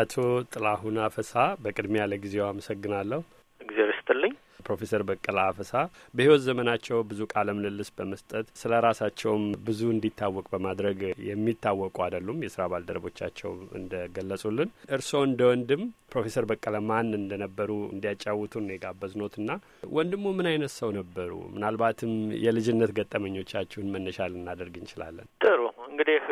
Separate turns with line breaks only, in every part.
አቶ ጥላሁን አፈሳ በቅድሚያ ለጊዜው አመሰግናለሁ።
እግዚአብሔር ይስጥልኝ።
ፕሮፌሰር በቀለ አፈሳ በህይወት ዘመናቸው ብዙ ቃለ ምልልስ በመስጠት ስለ ራሳቸውም ብዙ እንዲታወቅ በማድረግ የሚታወቁ አይደሉም። የስራ ባልደረቦቻቸው እንደገለጹልን እርስዎ እንደ ወንድም ፕሮፌሰር በቀለ ማን እንደነበሩ እንዲያጫውቱን የጋበዝኖትና ወንድሙ ምን አይነት ሰው ነበሩ? ምናልባትም የልጅነት ገጠመኞቻችሁን መነሻ ልናደርግ እንችላለን።
ጥሩ እንግዲህ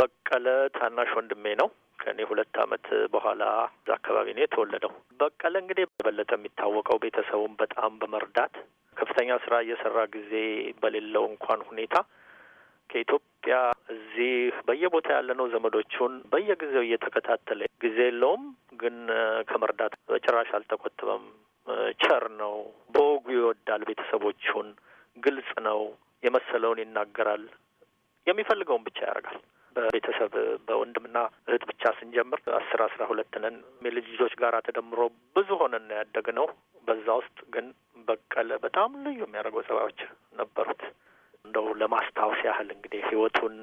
በቀለ ታናሽ ወንድሜ ነው። ከእኔ ሁለት አመት በኋላ እዛ አካባቢ ነው የተወለደው። በቀለ እንግዲህ የበለጠ የሚታወቀው ቤተሰቡን በጣም በመርዳት ከፍተኛ ስራ እየሰራ ጊዜ በሌለው እንኳን ሁኔታ ከኢትዮጵያ እዚህ በየቦታ ያለነው ዘመዶቹን በየጊዜው እየተከታተለ ጊዜ የለውም፣ ግን ከመርዳት በጭራሽ አልተቆጠበም። ቸር ነው፣ በወጉ ይወዳል ቤተሰቦቹን፣ ግልጽ ነው፣ የመሰለውን ይናገራል፣ የሚፈልገውን ብቻ ያደርጋል። በቤተሰብ በወንድምና እህት ብቻ ስንጀምር አስር አስራ ሁለት ነን የልጅ ልጆች ጋር ተደምሮ ብዙ ሆነን ነው። በዛ ውስጥ ግን በቀለ በጣም ልዩ የሚያደርገው ጸባዮች ነበሩት። እንደው ለማስታወስ ያህል እንግዲህ ህይወቱን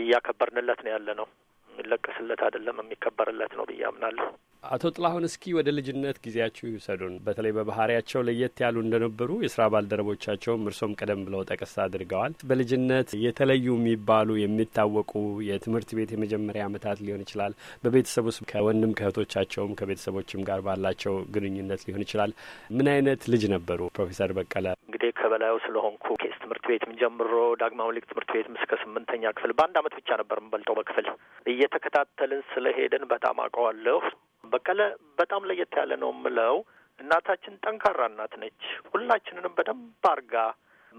እያከበርንለት ነው ያለ ነው የሚለቀስለት አይደለም የሚከበርለት ነው ብዬ አምናለሁ።
አቶ ጥላሁን እስኪ ወደ ልጅነት ጊዜያችሁ ይውሰዱን። በተለይ በባህሪያቸው ለየት ያሉ እንደነበሩ የስራ ባልደረቦቻቸውም እርሶም ቀደም ብለው ጠቀስ አድርገዋል። በልጅነት የተለዩ የሚባሉ የሚታወቁ የትምህርት ቤት የመጀመሪያ ዓመታት ሊሆን ይችላል፣ በቤተሰብ ውስጥ ከወንድም ከእህቶቻቸውም ከቤተሰቦችም ጋር ባላቸው ግንኙነት ሊሆን ይችላል። ምን አይነት ልጅ ነበሩ ፕሮፌሰር በቀለ?
እንግዲህ ከበላዩ ስለሆንኩ ኬስ ትምህርት ቤት ምን ጀምሮ ዳግማዊ ምኒልክ ትምህርት ቤት እስከ ስምንተኛ ክፍል በአንድ አመት ብቻ ነበር የምበልጠው በክፍል እየተከታተልን ስለሄድን በጣም አውቀዋለሁ። በቀለ በጣም ለየት ያለ ነው የምለው እናታችን ጠንካራ እናት ነች። ሁላችንንም በደንብ አርጋ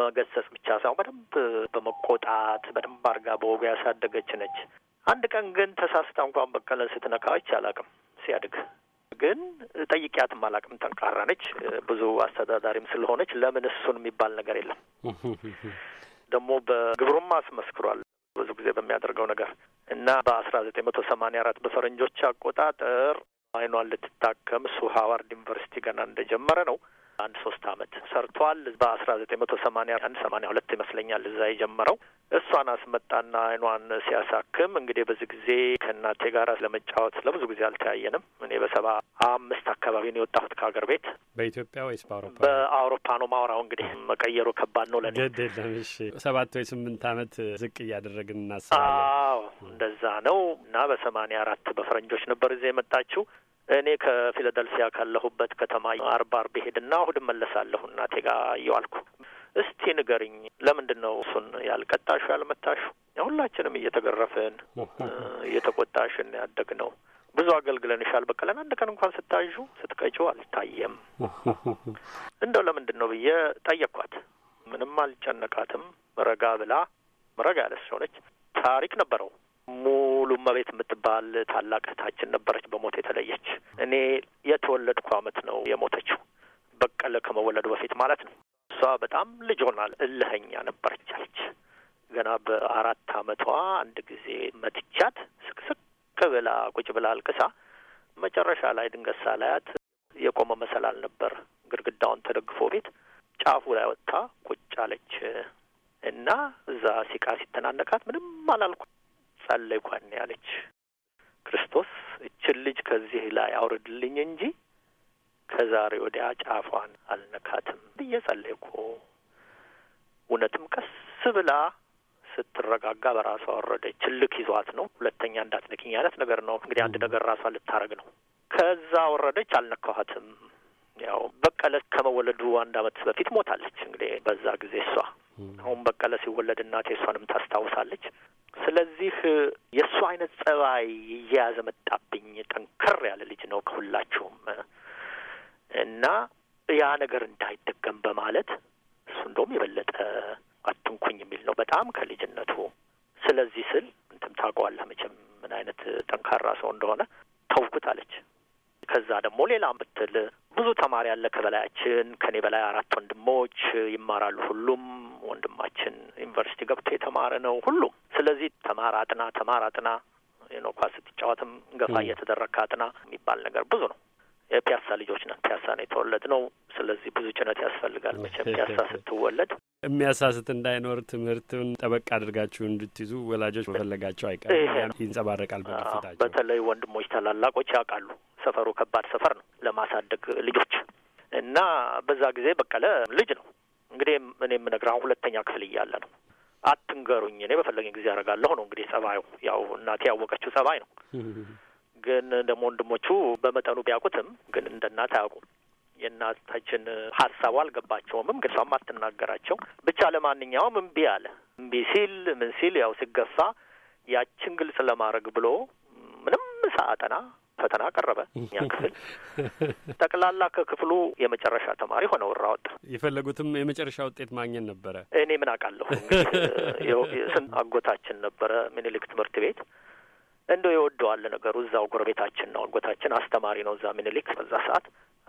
መገሰጽ ብቻ ሳይሆን በደንብ በመቆጣት በደንብ አርጋ በወጉ ያሳደገች ነች። አንድ ቀን ግን ተሳስታ እንኳን በቀለ ስትነካዎች አላቅም ሲያድግ ግን ጠይቂያትም አላቅም ጠንካራ ነች። ብዙ አስተዳዳሪም ስለሆነች ለምን እሱን የሚባል ነገር የለም። ደግሞ በግብሩም አስመስክሯል ብዙ ጊዜ በሚያደርገው ነገር እና በአስራ ዘጠኝ መቶ ሰማኒያ አራት በፈረንጆች አቆጣጠር አይኗን ልትታከም ሱ ሀዋርድ ዩኒቨርሲቲ ገና እንደጀመረ ነው አንድ ሶስት አመት ሰርቷል። በአስራ ዘጠኝ መቶ ሰማኒያ አንድ ሰማኒያ ሁለት ይመስለኛል እዛ የጀመረው እሷን አስመጣና አይኗን ሲያሳክም እንግዲህ በዚህ ጊዜ ከእናቴ ጋር ለመጫወት ለብዙ ጊዜ አልተያየንም። እኔ በሰባ አምስት አካባቢ ነው የወጣሁት ከሀገር ቤት
በኢትዮጵያ ወይስ በአውሮፓ?
በአውሮፓ ነው ማውራው። እንግዲህ መቀየሩ ከባድ ነው ለእኔ።
ደደለምሽ ሰባት ወይ ስምንት አመት ዝቅ እያደረግን እናስባለን።
አዎ እንደዛ ነው እና በሰማኒያ አራት በፈረንጆች ነበር እዚህ የመጣችው እኔ ከፊላደልፊያ ካለሁበት ከተማ አርባር አርብ ሄድና እሁድ እመለሳለሁ እናቴ ጋር እየዋልኩ እስቲ ንገርኝ፣ ለምንድን ነው እሱን ያልቀጣሹ ያልመታሹ? ሁላችንም እየተገረፍን እየተቆጣሽን ያደግ ነው። ብዙ አገልግለንሻል። በቃ ለምን አንድ ቀን እንኳን ስታዩ ስትቀጩ አልታየም። እንደው ለምንድን ነው ብዬ ጠየቅኳት። ምንም አልጨነቃትም። ረጋ ብላ ረጋ ያለች ሆነች። ታሪክ ነበረው ሙሉ መቤት የምትባል ታላቅ እህታችን ነበረች በሞት የተለየች። እኔ የተወለድኩ አመት ነው የሞተችው፣ በቀለ ከመወለዱ በፊት ማለት ነው። እሷ በጣም ልጅ ሆናል እልኸኛ ነበረች አለች። ገና በአራት አመቷ አንድ ጊዜ መትቻት ስቅስቅ ብላ ቁጭ ብላ አልቅሳ፣ መጨረሻ ላይ ድንገት ሳላያት የቆመ መሰላል ነበር ግድግዳውን ተደግፎ ቤት ጫፉ ላይ ወጥታ ቁጭ አለች እና እዛ ሲቃ ሲተናነቃት ምንም አላልኩ ጸለይኳን ያለች ክርስቶስ እችን ልጅ ከዚህ ላይ አውርድልኝ እንጂ ከዛሬ ወዲያ ጫፏን አልነካትም ብዬ ጸለይኩ። እውነትም ቀስ ብላ ስትረጋጋ በራሷ ወረደች። ልክ ይዟት ነው። ሁለተኛ እንዳትነኪኝ አይነት ነገር ነው። እንግዲህ አንድ ነገር ራሷ ልታረግ ነው። ከዛ ወረደች። አልነካኋትም። ያው በቀለ ከመወለዱ አንድ አመት በፊት ሞታለች። እንግዲህ በዛ ጊዜ እሷ አሁን በቀለ ሲወለድ እናቴ እሷንም ታስታውሳለች። ስለዚህ የእሱ አይነት ጸባይ እየያዘ መጣብኝ። ጠንከር ያለ ልጅ ነው ከሁላችሁም እና ያ ነገር እንዳይደገም በማለት እሱ እንደውም የበለጠ አትንኩኝ የሚል ነው በጣም ከልጅነቱ። ስለዚህ ስል እንትም ታውቀዋለህ መቼም ምን አይነት ጠንካራ ሰው እንደሆነ ተውኩት አለች። ከዛ ደግሞ ሌላ ብትል ብዙ ተማሪ ያለ ከበላያችን። ከኔ በላይ አራት ወንድሞች ይማራሉ። ሁሉም ወንድማችን ዩኒቨርሲቲ ገብቶ የተማረ ነው። ሁሉም ስለዚህ ተማር አጥና፣ ተማር አጥና ነው ኳስ ስትጫወትም ገፋ እየተደረግክ አጥና የሚባል ነገር ብዙ ነው። የፒያሳ ልጆች ነን። ፒያሳ ነው ነው። ስለዚህ ብዙ ጭነት ያስፈልጋል መቼም ፒያሳ ስትወለድ
የሚያሳስት እንዳይኖር ትምህርትን ጠበቅ አድርጋችሁ እንድትይዙ ወላጆች መፈለጋቸው አይቀርም። ይንጸባረቃል
በተለይ ወንድሞች ታላላቆች ያውቃሉ ሰፈሩ ከባድ ሰፈር ነው ለማሳደግ ልጆች እና በዛ ጊዜ በቀለ ልጅ ነው እንግዲህ እኔ የምነግርህ ሁለተኛ ክፍል እያለ ነው። አትንገሩኝ፣ እኔ በፈለገኝ ጊዜ አደርጋለሁ ነው እንግዲህ ጸባዩ። ያው እናቴ ያወቀችው ጸባይ ነው። ግን ደግሞ ወንድሞቹ በመጠኑ ቢያውቁትም ግን እንደ እናት አያውቁም። የእናታችን ሀሳቡ አልገባቸውምም። ግን እሷም አትናገራቸው ብቻ። ለማንኛውም እምቢ አለ። እምቢ ሲል ምን ሲል ያው ሲገፋ ያችን ግልጽ ለማድረግ ብሎ ምንም ሳያጠና ፈተና ቀረበ። እኛ ክፍል ጠቅላላ ከክፍሉ የመጨረሻ ተማሪ
ሆነ ወራ ወጣ። የፈለጉትም የመጨረሻ ውጤት ማግኘት ነበረ።
እኔ ምን አውቃለሁ ስን አጎታችን ነበረ ምኒልክ ትምህርት ቤት እንደው የወደዋል ነገሩ እዛው ጎረቤታችን ነው። አጎታችን አስተማሪ ነው እዛ ምኒልክ በዛ ሰዓት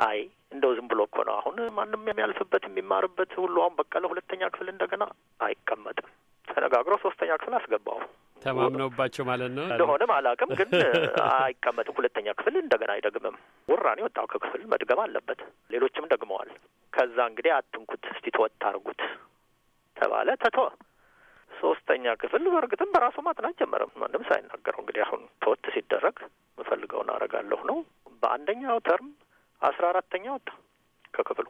አይ እንደው ዝም ብሎ እኮ ነው አሁን ማንም የሚያልፍበት የሚማርበት ሁሉ አሁን በቀለ ሁለተኛ ክፍል እንደገና አይቀመጥም። ተነጋግሮ ሶስተኛ ክፍል አስገባው።
ተማምነውባቸው ማለት ነው። እንደሆነም
አላውቅም፣ ግን አይቀመጥም። ሁለተኛ ክፍል እንደገና አይደግምም። ውራኔ ወጣው ከክፍል መድገም አለበት። ሌሎችም ደግመዋል። ከዛ እንግዲህ አትንኩት፣ እስቲ ተወት አድርጉት ተባለ፣ ተቶ ሶስተኛ ክፍል በእርግጥም በራሱ ማጥናት ጀመረም፣ ማንም ሳይናገረው። እንግዲህ አሁን ተወት ሲደረግ የምፈልገውን አረጋለሁ ነው። በአንደኛው ተርም አስራ አራተኛ ወጣ ከክፍሉ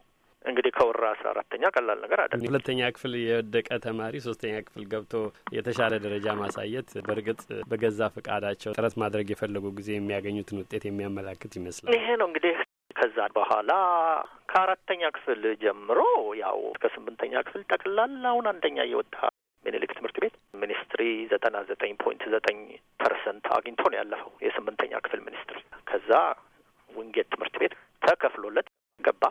እንግዲህ ከወራ አስራ አራተኛ ቀላል ነገር
አይደለም። ሁለተኛ ክፍል የወደቀ ተማሪ ሶስተኛ ክፍል ገብቶ የተሻለ ደረጃ ማሳየት በእርግጥ በገዛ ፈቃዳቸው ጥረት ማድረግ የፈለጉ ጊዜ የሚያገኙትን ውጤት የሚያመላክት ይመስላል።
ይሄ ነው እንግዲህ ከዛ በኋላ ከአራተኛ ክፍል ጀምሮ ያው እስከ ስምንተኛ ክፍል ጠቅላላውን አንደኛ እየወጣ ምኒልክ ትምህርት ቤት ሚኒስትሪ ዘጠና ዘጠኝ ፖይንት ዘጠኝ ፐርሰንት አግኝቶ ነው ያለፈው የስምንተኛ ክፍል ሚኒስትሪ። ከዛ ውንጌት ትምህርት ቤት ተከፍሎለት ገባ።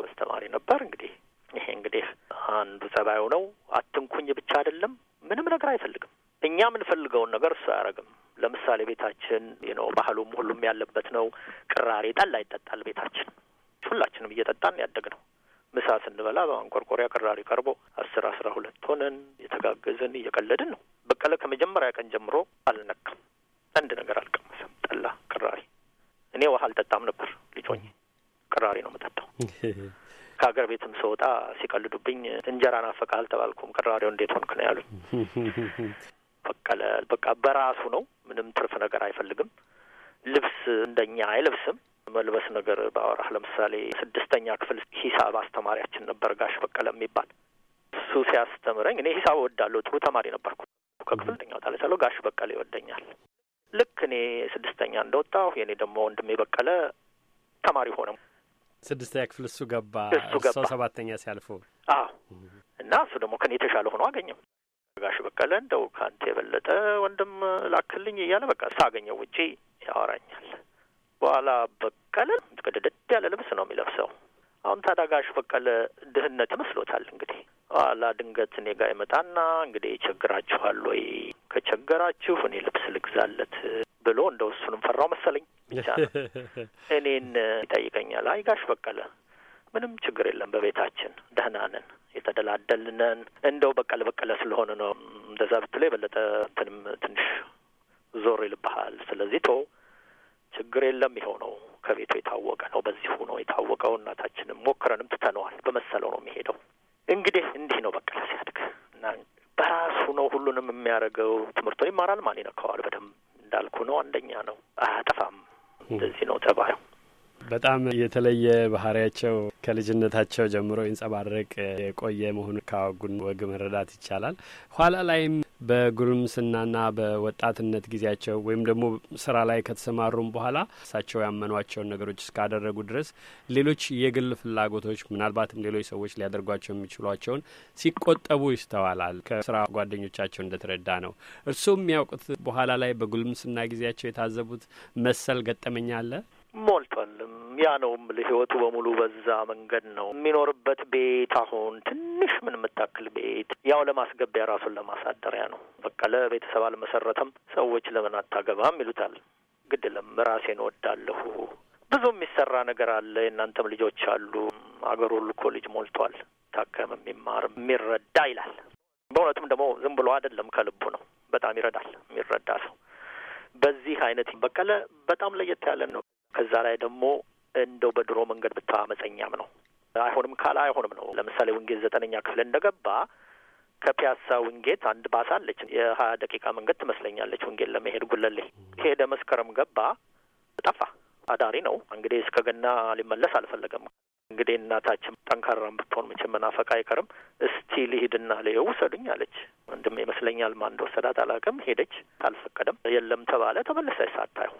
ጎበዝ ተማሪ ነበር። እንግዲህ ይሄ እንግዲህ አንዱ ጸባዩ ነው። አትንኩኝ ብቻ አይደለም፣ ምንም ነገር አይፈልግም። እኛ የምንፈልገውን ነገር እሱ አያረግም። ለምሳሌ ቤታችን ነው ባህሉም ሁሉም ያለበት ነው። ቅራሬ ጠላ ይጠጣል ቤታችን። ሁላችንም እየጠጣን ያደግ ነው። ምሳ ስንበላ በማንቆርቆሪያ ቅራሪ ቀርቦ አስር አስራ ሁለት ሆነን የተጋገዝን እየቀለድን ነው ከሀገር ቤትም ስወጣ ሲቀልዱብኝ እንጀራ ናፈቃል ተባልኩም። ቀራሪዮ እንዴት ሆንክ ነው ያሉኝ። በቀለ በቃ በራሱ ነው፣ ምንም ትርፍ ነገር አይፈልግም። ልብስ እንደኛ አይለብስም። መልበስ ነገር በአወራህ ለምሳሌ ስድስተኛ ክፍል ሂሳብ አስተማሪያችን ነበር ጋሽ በቀለ የሚባል እሱ ሲያስተምረኝ እኔ ሂሳብ እወዳለሁ፣ ጥሩ ተማሪ ነበርኩ። ከክፍል ደኛ ወጣለሁ፣ ጋሽ በቀለ ይወደኛል። ልክ እኔ ስድስተኛ እንደወጣሁ የእኔ ደግሞ ወንድሜ በቀለ ተማሪ ሆነ።
ስድስተኛ ክፍል እሱ ገባ እሱ ገባ ሰባተኛ ሲያልፉ
አዎ እና እሱ ደግሞ ከኔ የተሻለ ሆኖ አገኘም ጋሽ በቀለ እንደው ከአንተ የበለጠ ወንድም ላክልኝ እያለ በቃ ሳገኘው ውጪ ያወራኛል። በኋላ በቀለ ቅድድድ ያለ ልብስ ነው የሚለብሰው። አሁን ታዲያ ጋሽ በቀለ ድህነት መስሎታል እንግዲህ። ኋላ ድንገት እኔ ጋር ይመጣና እንግዲህ ይቸግራችኋል ወይ ከቸገራችሁ እኔ ልብስ ልግዛለት ብሎ እንደው እሱንም ፈራው መሰለኝ
ብቻ ነው።
እኔን ይጠይቀኛል። አይጋሽ በቀለ ምንም ችግር የለም፣ በቤታችን ደህና ነን፣ የተደላደልነን እንደው በቀለ በቀለ ስለሆነ ነው። እንደዛ ብትለ የበለጠ እንትንም ትንሽ ዞር ይልብሃል። ስለዚህ ቶ ችግር የለም፣ የሆነው ከቤቱ የታወቀ ነው። በዚሁ ነው የታወቀው። እናታችንም ሞክረንም ትተነዋል። በመሰለው ነው የሚሄደው። እንግዲህ እንዲህ ነው በቀለ ሲያድግ እና በራሱ ነው ሁሉንም የሚያደርገው። ትምህርቱን ይማራል። ማን ይነካዋል? በደንብ እንዳልኩ ነው። አንደኛ ነው፣ አያጠፋም።
እንደዚህ ነው ተባዩ። በጣም የተለየ ባህሪያቸው ከልጅነታቸው ጀምሮ ይንጸባረቅ የቆየ መሆኑን ካወጉን ወግ መረዳት ይቻላል። ኋላ ላይም በጉርምስናና በወጣትነት ጊዜያቸው ወይም ደግሞ ስራ ላይ ከተሰማሩም በኋላ እሳቸው ያመኗቸውን ነገሮች እስካደረጉ ድረስ ሌሎች የግል ፍላጎቶች ምናልባትም ሌሎች ሰዎች ሊያደርጓቸው የሚችሏቸውን ሲቆጠቡ ይስተዋላል። ከስራ ጓደኞቻቸው እንደተረዳ ነው። እርስዎ የሚያውቁት በኋላ ላይ በጉልምስና ጊዜያቸው የታዘቡት መሰል ገጠመኛ አለ?
ሞልቷልም። ያ ነው የምልህ። ህይወቱ በሙሉ በዛ መንገድ ነው የሚኖርበት። ቤት አሁን ትንሽ ምን የምታክል ቤት ያው ለማስገቢያ ራሱን ለማሳደሪያ ነው። በቃ ለቤተሰብ አልመሰረተም። ሰዎች ለምን አታገባም ይሉታል። ግድልም ራሴ ራሴን ወዳለሁ። ብዙ የሚሰራ ነገር አለ። የእናንተም ልጆች አሉ። አገሩ ሁሉ ኮሌጅ ሞልቷል። ታከም የሚማር የሚረዳ ይላል። በእውነቱም ደግሞ ዝም ብሎ አይደለም፣ ከልቡ ነው። በጣም ይረዳል የሚረዳ ሰው በዚህ አይነት በቀለ በጣም ለየት ያለ ነው። ከዛ ላይ ደግሞ እንደው በድሮ መንገድ ብታው አመፀኛም ነው። አይሆንም ካለ አይሆንም ነው። ለምሳሌ ውንጌት ዘጠነኛ ክፍል እንደገባ ከፒያሳ ውንጌት አንድ ባስ አለች። የሀያ ደቂቃ መንገድ ትመስለኛለች ውንጌት ለመሄድ ጉለሌ ሄደ፣ መስከረም ገባ፣ ጠፋ። አዳሪ ነው እንግዲህ እስከ ገና ሊመለስ አልፈለገም። እንግዲህ እናታችን ጠንካራም ብትሆን መቼም መናፈቅ አይቀርም። እስቲ ልሂድና ልየው ውሰዱኝ አለች። ወንድም ይመስለኛል ማን እንደወሰዳት አላውቅም። ሄደች፣ አልፈቀደም። የለም ተባለ፣ ተመለሰች ሳታየው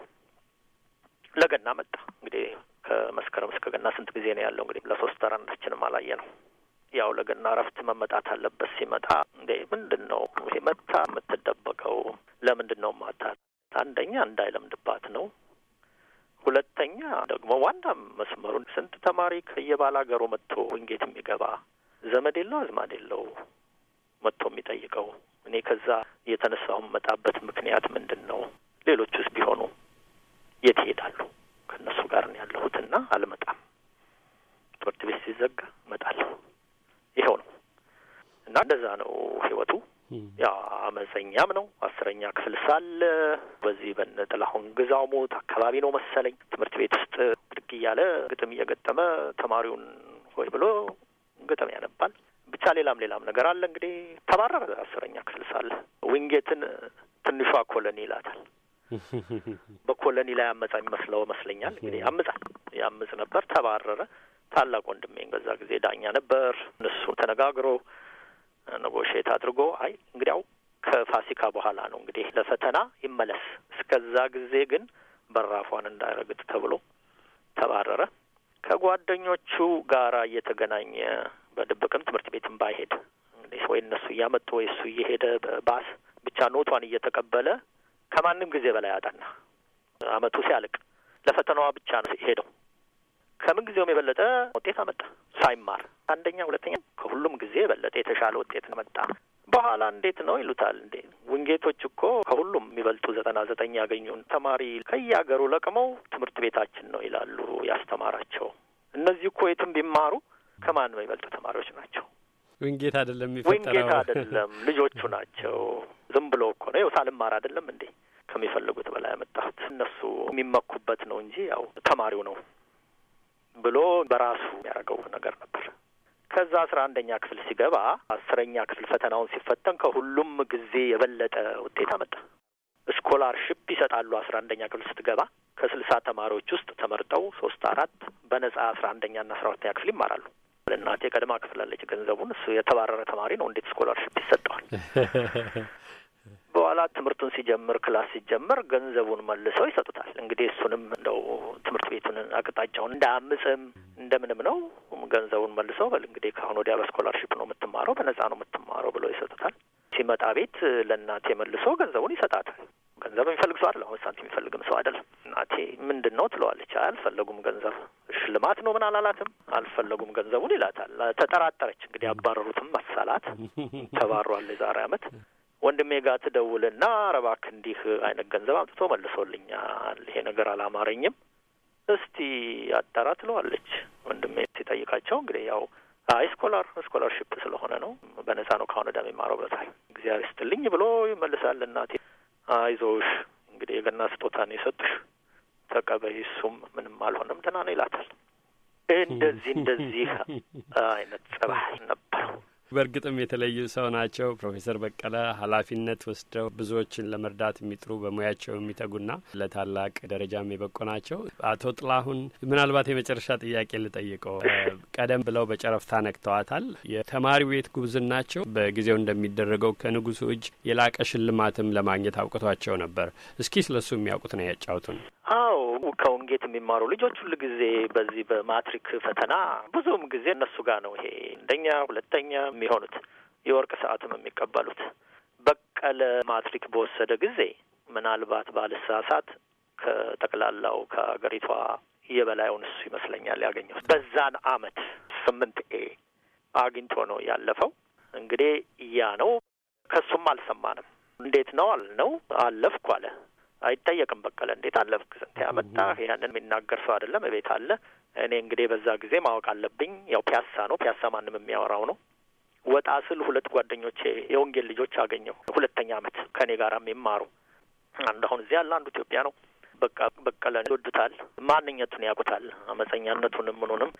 ለገና መጣ። እንግዲህ ከመስከረም እስከ ገና ስንት ጊዜ ነው ያለው? እንግዲህ ለሶስት ወር አንዳችንም አላየ ነው። ያው ለገና እረፍት መመጣት አለበት። ሲመጣ እንደ ምንድን ነው ይሄ መታ የምትደበቀው ለምንድን ነው ማታት? አንደኛ እንዳይለምድባት ነው። ሁለተኛ ደግሞ ዋና መስመሩን ስንት ተማሪ ከየባል ሀገሩ መጥቶ ውንጌት የሚገባ ዘመድ የለው አዝማድ የለው መጥቶ የሚጠይቀው እኔ ከዛ የተነሳሁ መጣበት ምክንያት ምንድን ነው? ውስጥ ቢሆኑ የት ይሄዳሉ? ከእነሱ ጋር ነው ያለሁትና አልመጣም። ትምህርት ቤት ሲዘጋ እመጣለሁ። ይኸው ነው እና እንደዛ ነው ህይወቱ። ያ አመፀኛም ነው። አስረኛ ክፍል ሳለ በዚህ በነ ጥላሁን ግዛው ሞት አካባቢ ነው መሰለኝ ትምህርት ቤት ውስጥ ብድግ እያለ ግጥም እየገጠመ ተማሪውን ሆይ ብሎ ግጥም ያነባል። ብቻ ሌላም ሌላም ነገር አለ። እንግዲህ ተባረረ አስረኛ ክፍል ሳለ። ዊንጌትን ትንሿ ኮለኒ ይላታል። በኮለኒ ላይ አመጻ የሚመስለው መስለኛል። እንግዲህ አምጻ ያምጽ ነበር፣ ተባረረ። ታላቅ ወንድሜ በዛ ጊዜ ዳኛ ነበር። እሱ ተነጋግሮ ነጎሼት አድርጎ አይ እንግዲያው ከፋሲካ በኋላ ነው እንግዲህ ለፈተና ይመለስ፣ እስከዛ ጊዜ ግን በራፏን እንዳይረግጥ ተብሎ ተባረረ። ከጓደኞቹ ጋራ እየተገናኘ በድብቅም ትምህርት ቤትም ባይሄድ እንግዲህ ወይ እነሱ እያመጡ ወይ እሱ እየሄደ ባስ ብቻ ኖቷን እየተቀበለ ከማንም ጊዜ በላይ አጠና። አመቱ ሲያልቅ ለፈተናዋ ብቻ ነው ሄደው። ከምን ጊዜውም የበለጠ ውጤት አመጣ። ሳይማር አንደኛ፣ ሁለተኛ፣ ከሁሉም ጊዜ የበለጠ የተሻለ ውጤት አመጣ። በኋላ እንዴት ነው ይሉታል። እንዴ ውንጌቶች እኮ ከሁሉም የሚበልጡ ዘጠና ዘጠኝ ያገኙን ተማሪ ከየሀገሩ ለቅመው ትምህርት ቤታችን ነው ይላሉ ያስተማራቸው። እነዚህ እኮ የትም ቢማሩ ከማንም የሚበልጡ ተማሪዎች ናቸው።
ውንጌት አይደለም፣ ውንጌት አይደለም፣
ልጆቹ ናቸው። ዝም ብሎ እኮ ነው። ይኸው ሳልማር አይደለም እንዴ ከሚፈልጉት በላይ ያመጣሁት እነሱ የሚመኩበት ነው እንጂ ያው ተማሪው ነው ብሎ በራሱ የሚያደርገው ነገር ነበር። ከዛ አስራ አንደኛ ክፍል ሲገባ አስረኛ ክፍል ፈተናውን ሲፈተን ከሁሉም ጊዜ የበለጠ ውጤት አመጣ። ስኮላርሽፕ ይሰጣሉ። አስራ አንደኛ ክፍል ስትገባ ከስልሳ ተማሪዎች ውስጥ ተመርጠው ሶስት አራት በነጻ አስራ አንደኛ ና አስራ ሁለተኛ ክፍል ይማራሉ። እናቴ ቀድማ ክፍላለች ገንዘቡን። እሱ የተባረረ ተማሪ ነው፣ እንዴት ስኮላርሽፕ ይሰጠዋል? በኋላ ትምህርቱን ሲጀምር ክላስ ሲጀምር ገንዘቡን መልሰው ይሰጡታል። እንግዲህ እሱንም እንደው ትምህርት ቤቱን አቅጣጫውን እንዳያምጽም እንደምንም ነው ገንዘቡን መልሰው በል እንግዲህ ከአሁን ወዲያ በስኮላርሺፕ ነው የምትማረው፣ በነጻ ነው የምትማረው ብለው ይሰጡታል። ሲመጣ ቤት ለእናቴ መልሶ ገንዘቡን ይሰጣታል። ገንዘብ የሚፈልግ ሰው አይደለም። አሁን ሳንቲም የሚፈልግም ሰው አይደለም። እናቴ ምንድን ነው ትለዋለች። አልፈለጉም ገንዘብ ሽልማት ነው ምን አላላትም። አልፈለጉም ገንዘቡን ይላታል። ተጠራጠረች። እንግዲህ ያባረሩትም መሰላት። ተባሯል የዛሬ አመት ወንድሜ ጋር ትደውልና ረባክ እንዲህ አይነት ገንዘብ አምጥቶ መልሶልኛል፣ ይሄ ነገር አላማረኝም፣ እስቲ አጣራ ትለዋለች። ወንድሜ ሲጠይቃቸው እንግዲህ ያው አይ ስኮላር ስኮላርሽፕ ስለሆነ ነው በነጻ ነው ከአሁን ወዲያ የሚማረው ብለታል። እግዚአብሔር ይስጥልኝ ብሎ ይመልሳል። እናቴ አይዞሽ እንግዲህ የገና ስጦታ ነው የሰጡሽ ተቀበይ፣ እሱም ምንም አልሆነም ደህና ነው ይላታል። እንደዚህ እንደዚህ አይነት ጸባይ
ነበረው። በእርግጥም የተለዩ ሰው ናቸው። ፕሮፌሰር በቀለ ኃላፊነት ወስደው ብዙዎችን ለመርዳት የሚጥሩ በሙያቸው የሚተጉና ለታላቅ ደረጃ የበቁ ናቸው። አቶ ጥላሁን ምናልባት የመጨረሻ ጥያቄ ልጠይቀው። ቀደም ብለው በጨረፍታ ነክተዋታል። የተማሪ ቤት ጉብዝናቸው በጊዜው እንደሚደረገው ከንጉሱ እጅ የላቀ ሽልማትም ለማግኘት አውቅቷቸው ነበር። እስኪ ስለሱ የሚያውቁት ነው ያጫውቱን።
አዎ ከውንጌት የሚማሩ ልጆች ሁሉ ጊዜ በዚህ በማትሪክ ፈተና ብዙም ጊዜ እነሱ ጋር ነው ይሄ አንደኛ ሁለተኛ የሚሆኑት የወርቅ ሰዓትም የሚቀበሉት። በቀለ ማትሪክ በወሰደ ጊዜ ምናልባት ባልሳሳት ከጠቅላላው ከሀገሪቷ የበላዩን እሱ ይመስለኛል ያገኘው በዛን አመት ስምንት ኤ አግኝቶ ነው ያለፈው። እንግዲህ ያ ነው። ከሱም አልሰማንም። እንዴት ነው አልነው። አለፍኩ አለ። አይጠየቅም። በቀለ እንዴት አለፍክ? ስንት ያመጣህ? ያንን የሚናገር ሰው አይደለም። እቤት አለ። እኔ እንግዲህ በዛ ጊዜ ማወቅ አለብኝ። ያው ፒያሳ ነው። ፒያሳ ማንም የሚያወራው ነው። ወጣ ስል ሁለት ጓደኞቼ የወንጌል ልጆች አገኘሁ። ሁለተኛ አመት ከእኔ ጋር የሚማሩ አንዱ አሁን እዚህ ያለ አንዱ ኢትዮጵያ ነው። በቃ በቀለ ይወዱታል። ማንኛቱን ያውቁታል። አመፀኛነቱንም ምኑንም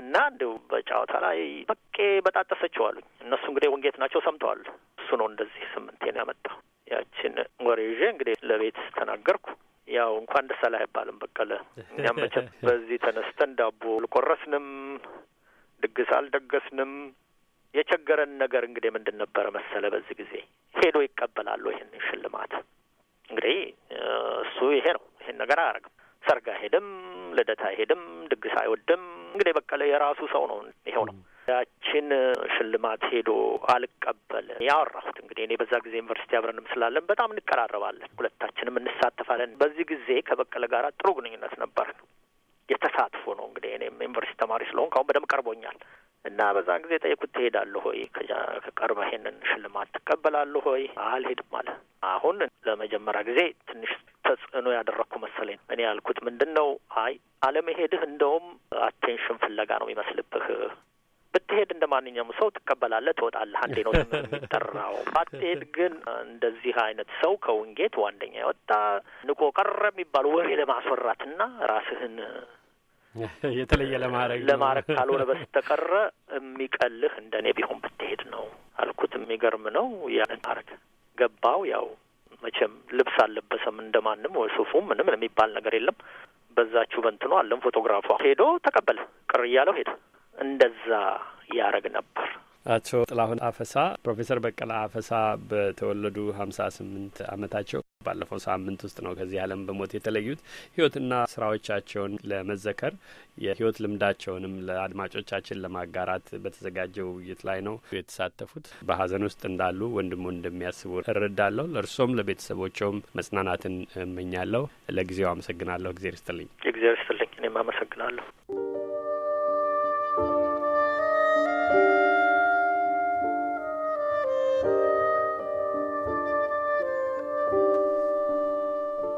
እና እንዲሁ በጨዋታ ላይ በቄ በጣጠሰችው አሉኝ። እነሱ እንግዲህ ወንጌት ናቸው ሰምተዋል። እሱ ነው እንደዚህ ስምንቴን ያመጣው። ያችን ወሬ ይዤ እንግዲህ ለቤት ተናገርኩ። ያው እንኳን ደስ አለህ አይባልም በቀለ። እኛም መቼም በዚህ ተነስተን ዳቦ አልቆረስንም፣ ድግስ አልደገስንም። የቸገረን ነገር እንግዲህ ምንድን ነበረ መሰለ በዚህ ጊዜ ሄዶ ይቀበላሉ ይህን ሽልማት። እንግዲህ እሱ ይሄ ነው። ይሄን ነገር አያደርግም። ሰርግ አይሄድም፣ ልደት አይሄድም፣ ድግስ አይወድም። እንግዲህ በቀለ የራሱ ሰው ነው። ይሄው ነው ያችን ሽልማት ሄዶ አልቀበል ያወራሁት እንግዲህ እኔ በዛ ጊዜ ዩኒቨርሲቲ አብረንም ስላለን በጣም እንቀራረባለን፣ ሁለታችንም እንሳተፋለን። በዚህ ጊዜ ከበቀለ ጋር ጥሩ ግንኙነት ነበር። የተሳትፎ ነው እንግዲህ እኔም ዩኒቨርሲቲ ተማሪ ስለሆን ካሁን በደንብ ቀርቦኛል። እና በዛን ጊዜ ጠየኩት ትሄዳለህ ሆይ ከቀርበ ይሄንን ሽልማት ትቀበላለህ ሆይ? አልሄድም አለ። አሁን ለመጀመሪያ ጊዜ ትንሽ ተጽዕኖ ያደረግኩ መሰለኝ። እኔ ያልኩት ምንድን ነው፣ አይ አለመሄድህ እንደውም አቴንሽን ፍለጋ ነው የሚመስልብህ ብትሄድ እንደ ማንኛውም ሰው ትቀበላለህ፣ ትወጣለህ። አንዴ ነው ስም
የሚጠራው።
ባትሄድ ግን እንደዚህ አይነት ሰው ከውንጌት ዋንደኛ የወጣ ንቆ ቀረ የሚባል ወሬ ለማስወራትና ራስህን
የተለየ ለማድረግ ለማድረግ ካልሆነ
በስተቀረ የሚቀልህ እንደ እኔ ቢሆን ብትሄድ ነው አልኩት። የሚገርም ነው ያንን ገባው። ያው መቼም ልብስ አልለበሰም እንደ ማንም ሱፉ ምንም የሚባል ነገር የለም። በዛችሁ በንትኖ አለም ፎቶግራፏ ሄዶ ተቀበለ። ቅር እያለው ሄደ። እንደዛ ያረግ ነበር።
አቶ ጥላሁን አፈሳ ፕሮፌሰር በቀለ አፈሳ በተወለዱ ሀምሳ ስምንት አመታቸው ባለፈው ሳምንት ውስጥ ነው ከዚህ ዓለም በሞት የተለዩት። ህይወትና ስራዎቻቸውን ለመዘከር የህይወት ልምዳቸውንም ለአድማጮቻችን ለማጋራት በተዘጋጀው ውይይት ላይ ነው የተሳተፉት። በሀዘን ውስጥ እንዳሉ ወንድሙ እንደሚያስቡ እረዳለሁ። ለእርሶም ለቤተሰቦቸውም መጽናናትን እመኛለሁ። ለጊዜው አመሰግናለሁ። እግዜር ይስጥልኝ።
እግዜር ይስጥልኝ። እኔም አመሰግናለሁ።